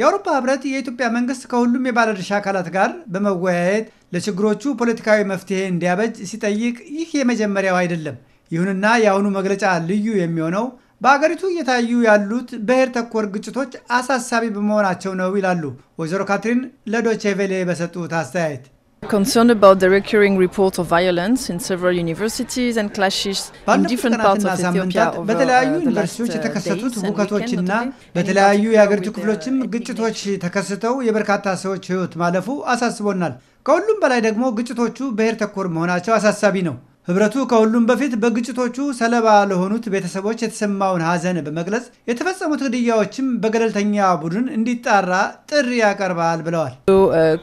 የአውሮፓ ህብረት የኢትዮጵያ መንግስት ከሁሉም የባለድርሻ አካላት ጋር በመወያየት ለችግሮቹ ፖለቲካዊ መፍትሄ እንዲያበጅ ሲጠይቅ ይህ የመጀመሪያው አይደለም። ይሁንና የአሁኑ መግለጫ ልዩ የሚሆነው በአገሪቱ እየታዩ ያሉት ብሔር ተኮር ግጭቶች አሳሳቢ በመሆናቸው ነው ይላሉ ወይዘሮ ካትሪን ለዶቼ ቬሌ በሰጡት አስተያየት። concerned about the recurring report of violence in several universities and clashes in different parts of Ethiopia በተለያዩ ዩኒቨርሲቲዎች uh, የተከሰቱት ሁከቶችና በተለያዩ የሀገሪቱ uh, ክፍሎችም ግጭቶች ተከስተው የበርካታ ሰዎች ሕይወት ማለፉ አሳስቦናል። ከሁሉም በላይ ደግሞ ግጭቶቹ ብሔር ተኮር መሆናቸው አሳሳቢ ነው። ህብረቱ ከሁሉም በፊት በግጭቶቹ ሰለባ ለሆኑት ቤተሰቦች የተሰማውን ሐዘን በመግለጽ የተፈጸሙት ግድያዎችም በገለልተኛ ቡድን እንዲጣራ ጥሪ ያቀርባል ብለዋል። uh,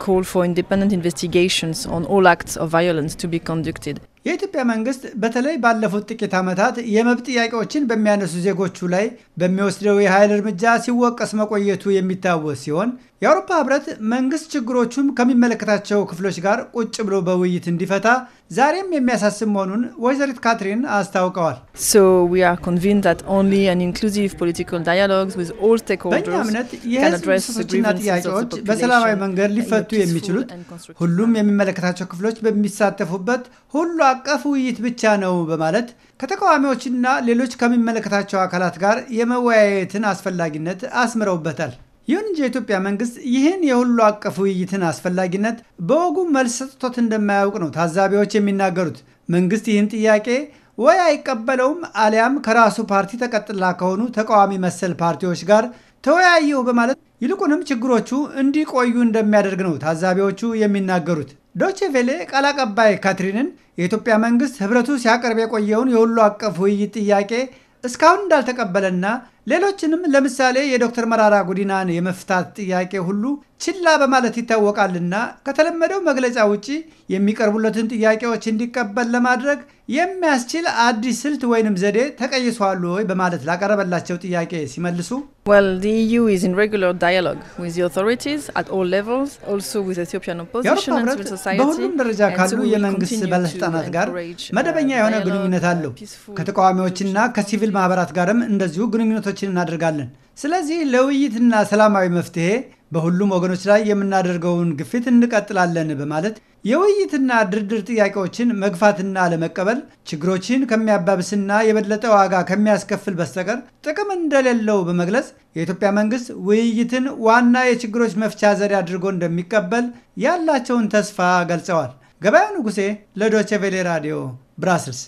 የኢትዮጵያ መንግስት በተለይ ባለፉት ጥቂት ዓመታት የመብት ጥያቄዎችን በሚያነሱ ዜጎቹ ላይ በሚወስደው የኃይል እርምጃ ሲወቀስ መቆየቱ የሚታወስ ሲሆን የአውሮፓ ህብረት መንግስት ችግሮቹም ከሚመለከታቸው ክፍሎች ጋር ቁጭ ብሎ በውይይት እንዲፈታ ዛሬም የሚያሳስብ መሆኑን ወይዘሪት ካትሪን አስታውቀዋል። በእኛ እምነት የህዝብ ብሶቶችና ጥያቄዎች በሰላማዊ መንገድ ሊፈቱ የሚችሉት ሁሉም የሚመለከታቸው ክፍሎች በሚሳተፉበት ሁሉ አቀፍ ውይይት ብቻ ነው በማለት ከተቃዋሚዎችና ሌሎች ከሚመለከታቸው አካላት ጋር የመወያየትን አስፈላጊነት አስምረውበታል። ይሁን እንጂ የኢትዮጵያ መንግስት ይህን የሁሉ አቀፍ ውይይትን አስፈላጊነት በወጉ መልስ ሰጥቶት እንደማያውቅ ነው ታዛቢዎች የሚናገሩት። መንግስት ይህን ጥያቄ ወይ አይቀበለውም አሊያም ከራሱ ፓርቲ ተቀጥላ ከሆኑ ተቃዋሚ መሰል ፓርቲዎች ጋር ተወያየሁ በማለት ይልቁንም ችግሮቹ እንዲቆዩ እንደሚያደርግ ነው ታዛቢዎቹ የሚናገሩት። ዶቼ ቬሌ ቃል አቀባይ ካትሪንን የኢትዮጵያ መንግስት ህብረቱ ሲያቀርብ የቆየውን የሁሉ አቀፍ ውይይት ጥያቄ እስካሁን እንዳልተቀበለና ሌሎችንም ለምሳሌ የዶክተር መራራ ጉዲናን የመፍታት ጥያቄ ሁሉ ችላ በማለት ይታወቃልና ከተለመደው መግለጫ ውጪ የሚቀርቡለትን ጥያቄዎች እንዲቀበል ለማድረግ የሚያስችል አዲስ ስልት ወይንም ዘዴ ተቀይሷል ወይ በማለት ላቀረበላቸው ጥያቄ ሲመልሱ e በሁሉም ደረጃ ካሉ የመንግስት ባለስልጣናት ጋር መደበኛ uh, የሆነ ግንኙነት አለው። ከተቃዋሚዎችና ከሲቪል ማህበራት ጋርም እንደዚሁ ግንኙነቶች ጥረቶችን እናደርጋለን። ስለዚህ ለውይይትና ሰላማዊ መፍትሄ በሁሉም ወገኖች ላይ የምናደርገውን ግፊት እንቀጥላለን በማለት የውይይትና ድርድር ጥያቄዎችን መግፋትና ለመቀበል ችግሮችን ከሚያባብስና የበለጠ ዋጋ ከሚያስከፍል በስተቀር ጥቅም እንደሌለው በመግለጽ የኢትዮጵያ መንግስት ውይይትን ዋና የችግሮች መፍቻ ዘዴ አድርጎ እንደሚቀበል ያላቸውን ተስፋ ገልጸዋል። ገበያው ንጉሴ ለዶቼ ቬሌ ራዲዮ ብራስልስ